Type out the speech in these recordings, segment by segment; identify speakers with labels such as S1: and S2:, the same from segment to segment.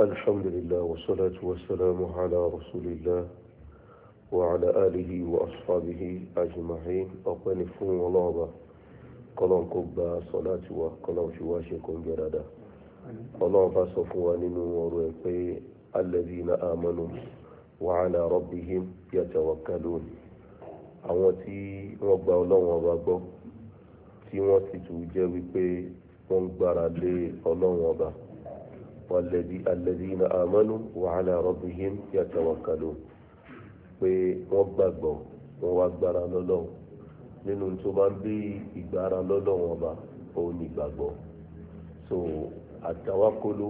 S1: الحمد لله والصلاة والسلام على رسول الله وعلى آله وأصحابه أجمعين أقني فون ولابا kọlọ́n kó gba sọ́lá tiwa kọlọ́n fi wá ṣe kó ń jẹ́ dáadáa kọlọ́n bá sọ fún wa nínú ọ̀rọ̀ ẹ̀ pé alladhina amanu wa ala rabbihim yatawakkalun àwọn tí wọ́n gba ọlọ́run ọba gbọ́ tí wọ́n sì tún jẹ́ wípé wọ́n ń gbára lé ọlọ́run ọba alladhina amanu wa ala rabbihim yatawakkalun pé wọ́n gbàgbọ́ wọ́n wá gbára lọ́lọ́run nínú tó bá ń bí ìgbára lọ́lọ́run ọba òun ní ìgbàgbọ́ so àtàwákóló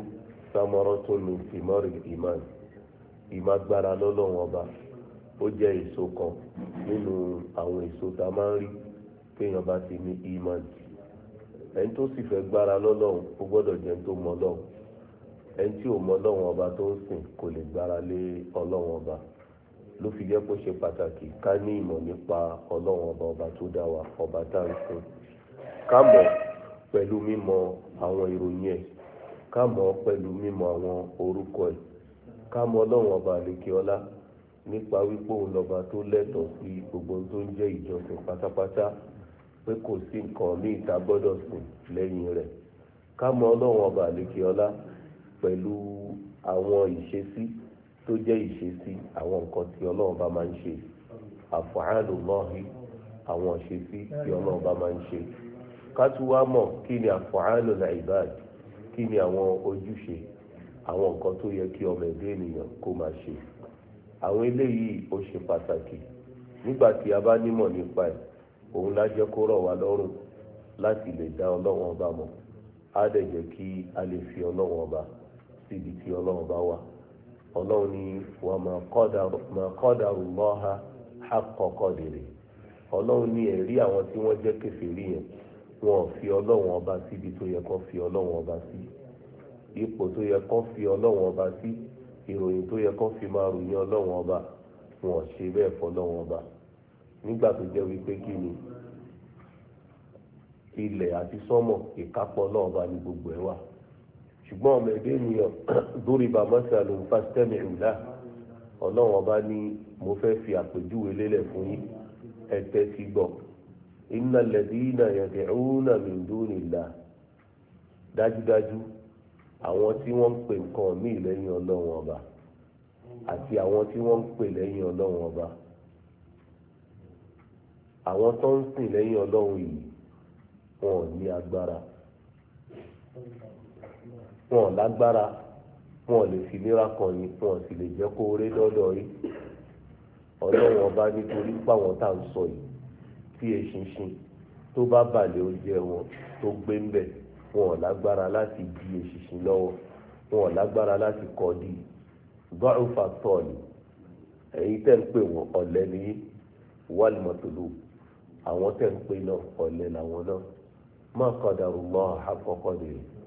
S1: samaratun min thimari iman ìmágbára lọ́lọ́run ọba ó jẹ́ èso kan nínú àwọn èso tá a máa ń rí kéèyàn bá ti ní iman ẹni tó sì fẹ́ gbára lọ́lọ́run ó gbọ́dọ̀ jẹ́ ẹni tó mọ Ọlọ́run ẹni tí ò mọ ọlọ́run ọba tó ń sìn kò lè gbára lé ọlọ́run ọba ló fi jẹ́ kó ṣe pàtàkì ká ní ìmọ̀ nípa ọlọ́run ọba ọba tó dá wa ọba tá ń sìn ká mọ̀ pẹ̀lú mímọ àwọn ìròyìn ẹ̀ ká mọ̀ pẹ̀lú mímọ àwọn orúkọ ẹ̀ ká mọ̀ ọlọ́run ọba àlekè ọlá nípa wípé òun lọ́ba tó lẹ́tọ̀ọ́ sí gbogbo tó ń jẹ́ ìjọsìn pátápátá pé kò sí nǹkan míì tá gbọ́dọ̀ sìn lẹ́yìn rẹ̀ ká mọ̀ ọba àlekè ọlá pẹ̀lú àwọn ìṣesí tó jẹ́ ìṣesí àwọn nǹkan tí ọlọ́run bá máa ń ṣe àfààlù lọ́hìn àwọn ìṣesí tí ọlọ́run bá máa ń ṣe kátúwá mọ̀ kí ni àfààlù làìbáàd kí ni àwọn ojúṣe àwọn nǹkan tó yẹ kí ọmọ ẹ̀dá ènìyàn kó máa ṣe àwọn eléyìí ó ṣe pàtàkì nígbà tí a bá nímọ̀ nípa ẹ̀ òun la jẹ́ kó rọ̀ wá lọ́rùn láti lè dá ọlọ́run ọba mọ̀ á dẹ̀ jẹ́ kí a lè fi ọlọ́run ọba síbi tí ọlọ́run bá wà ọlọ́run ni wà máa qadaru Allaha haqqa qadri ọlọ́run ní ẹ̀rí àwọn tí wọ́n jẹ́ kèfèrí yẹn wọn fi ọlọ́run ọba sí ipò tó yẹ kó fi ọlọ́run ọba ṣùgbọ́n ọmọ ẹ̀dẹ́ ènìyàn lórí bàmọ́sà ló fásitẹ́mì ọlọ́run ọba ni mo fẹ́ fi àpèjúwe lélẹ̀ fún yín ẹ̀tẹ́ ti gbọ́ iná lẹ́dínà yad'una min dunillah dájúdájú àwọn tí wọ́n ń pè nǹkan míì lẹ́yìn ọlọ́run ọba àti àwọn tí wọ́n ń pè lẹ́yìn ọlọ́run ọba àwọn tó ń sìn lẹ́yìn ọlọ́run yìí wọn ò ní wọn ò lágbára wọn ò lè fi nira kan yín wọn ò sì lè jẹ́ kó ré lọ́dọ̀ yín ọlọ́run ọba nítorí páwọn tá à ń sọ yìí tí eṣinṣin tó bá balẹ̀ oúnjẹ wọn tó gbé ń bẹ̀ wọn ò lágbára láti di eṣinṣin lọ́wọ́ wọn ò lágbára láti kọ́ di gbọ́rùfà tọ́ọ̀lù ẹ̀yin tẹ́ ń pè wọ́n ọ̀lẹ ní wàlùmọ̀tòlù àwọn tẹ́ ń pè náà ọ̀lẹ làwọn náà má kọ́dà rúmọ́ àkọ́kọ́ nìyẹn.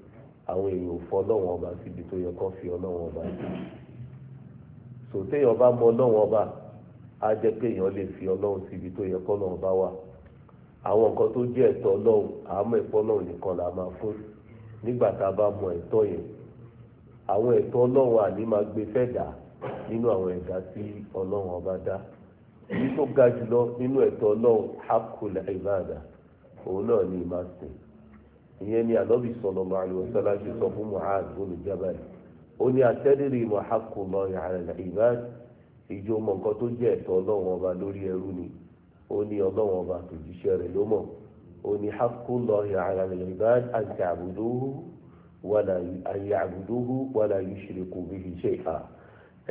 S1: àwọn èèyàn fọ ọlọ́wọ́n ọba síbi tó yẹ kó fi ọlọ́wọ́n ọba sí sòtéèyàn ọba mọ ọlọ́wọ́n ọba á jẹ́ pé èèyàn lè fi ọlọ́wọ́n síbi tó yẹ kó ọlọ́wọ́n ọba wà àwọn nǹkan tó jẹ́ ẹ̀tọ́ ọlọ́wọ́n àmọ́ ọlọ́wọ́n nìkan là máa fún nígbà tá a bá mọ ẹ̀tọ́ yẹn àwọn ẹ̀tọ́ ọlọ́wọ́n àní máa gbé ọba dá ìyẹn ni ànábì sallallahu alaihi wasallam ṣe sọ fún Mu'adh ibn Jabal ó ní atẹ́rìrì mọ̀hákùnmọ́ ìhàlẹ̀ ìbáàd ìjọ mọ̀ nǹkan tó jẹ́ ẹ̀tọ́ ọlọ́run ọba lórí ẹrú ni ó ní ọlọ́run ọba tòjíṣẹ́ rẹ̀ ló mọ̀ ó ní hákùnmọ́ ìhàlẹ̀ ìbáàd àti àbùdóhù wàlà àbùdóhù wàlà yushriku bihi shay'a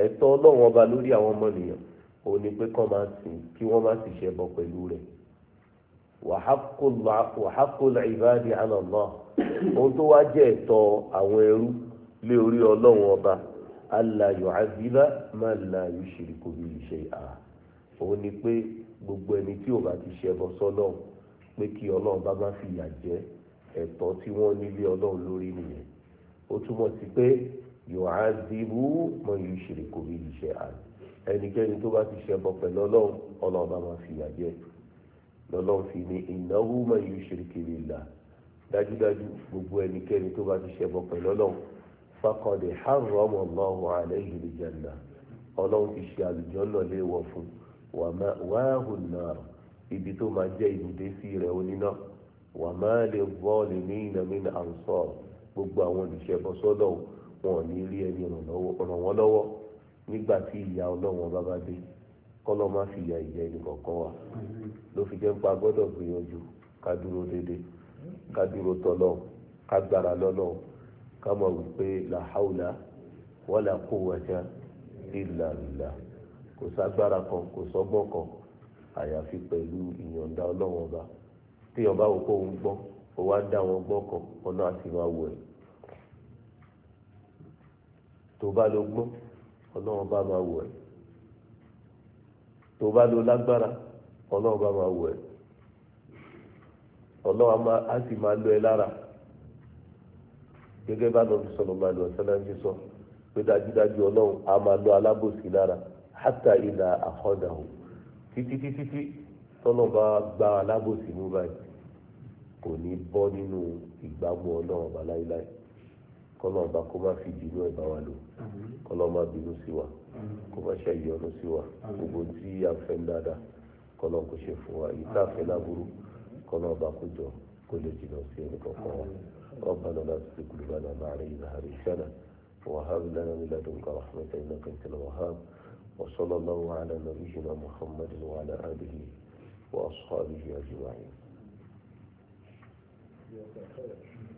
S1: ẹ̀tọ́ ọlọ́run ọba lórí àwọn ọmọnìyàn ó ní pé kọ́ máa sìn kí wọ́n má sì ṣẹbọ pẹ̀lú rẹ̀ wàhákùlù ìbáàdì àlọ́lọ́ ohun tó wá jẹ́ ẹ̀tọ́ àwọn ẹrú lé orí ọlọ́run ọba alayọ̀ àdìbá máa la yóò ṣèlú kò bí iṣẹ́ àá òun ni pé gbogbo ẹni tí ò bá ti ṣe ẹbọ sọ́lọ́run pé kí ọlọ́run bá má fi yà jẹ́ ẹ̀tọ́ tí wọ́n ní lé ọlọ́run lórí nìyẹn ó túmọ̀ sí pé yóò àdìbú máa yóò ṣèlú kò bí iṣẹ́ àá ẹnikẹ́ni tó bá ti ṣe ẹbọ pẹ̀lú ọlọ́run ọlọ́run bá má fi yà jẹ́ lọ́lọ́run fi ní innahu man yushrik billah dájúdájú gbogbo ẹnikẹ́ni tó bá ti ṣẹbọ pẹ̀lú ọlọ́run faqad harrama Allahu alayhi al-janna ọlọ́run ti ṣe àlùjànnà léèwọ̀ fún wa ma'wahu an-nar ibi tó máa jẹ́ ibùdé sí rẹ̀ oníná wa ma lil-zalimina min ansar gbogbo àwọn olùṣẹbọ sọ́dọ̀ wọn ò ní rí ẹni ràn wọ́n lọ́wọ́ nígbà tí ìyà ọlọ́run ọba bá dé kọ́lọ́ má fi ìyà ìjẹ ẹnìkọ̀ọ̀kan wa ló fi jẹ́ ń pa gbọ́dọ̀ gbìyànjú ká dúró déédéé ká dúró tọ́lọ́ ká gbára lọ́lọ́ ká mọ̀ wípé làhàùlà wàlà kó wájà ìlà ìlà kò ságbára kan kò sọ́gbọ́n kan àyàfi pẹ̀lú ìyọ̀ǹda ọlọ́wọ́n ọba tí ọba wò kó ń gbọ́ ó wá dá wọn gbọ́ kan ọ̀nà àti máa wọ̀ ẹ́ tó bá lọ gbọ́ ọlọ́wọ́n bá máa wọ̀ ẹ́ tó bá lo lágbára ọlọ́run bá máa wọ̀ ẹ́ ọlọ́run á sì máa lọ ẹ lára gẹ́gẹ́ bá lọ́ọ́ sọ̀rọ̀ máa lọ sẹ́láńtì sọ pé dájúdájú ọlọ́run á máa lọ alábòsí lára hátà ìlà àkọ́dàhùn títí títí tí tọ́lọ́ bá gba alábòsí mú báyìí kò ní bọ́ nínú ìgbàgbọ́ ọlọ́run bá láíláí kọ́nà ọba kó má fi bínú ẹ̀ bá wa lò kọ́nà má bínú sí wa kó má ṣe ìyọnu sí wa gbogbo tí a fẹ́ dáadáa kọ́nà kó ṣe fún wa yìí tá a fẹ́ láburú kọ́nà ọba kó jọ kó lè jìnnà sí ẹnì kankan wa ربنا لا تزغ قلوبنا بعد إذ هديتنا وهب لنا من لدنك رحمة إنك أنت الوهاب وصلى الله على نبينا محمد وعلى آله وأصحابه أجمعين.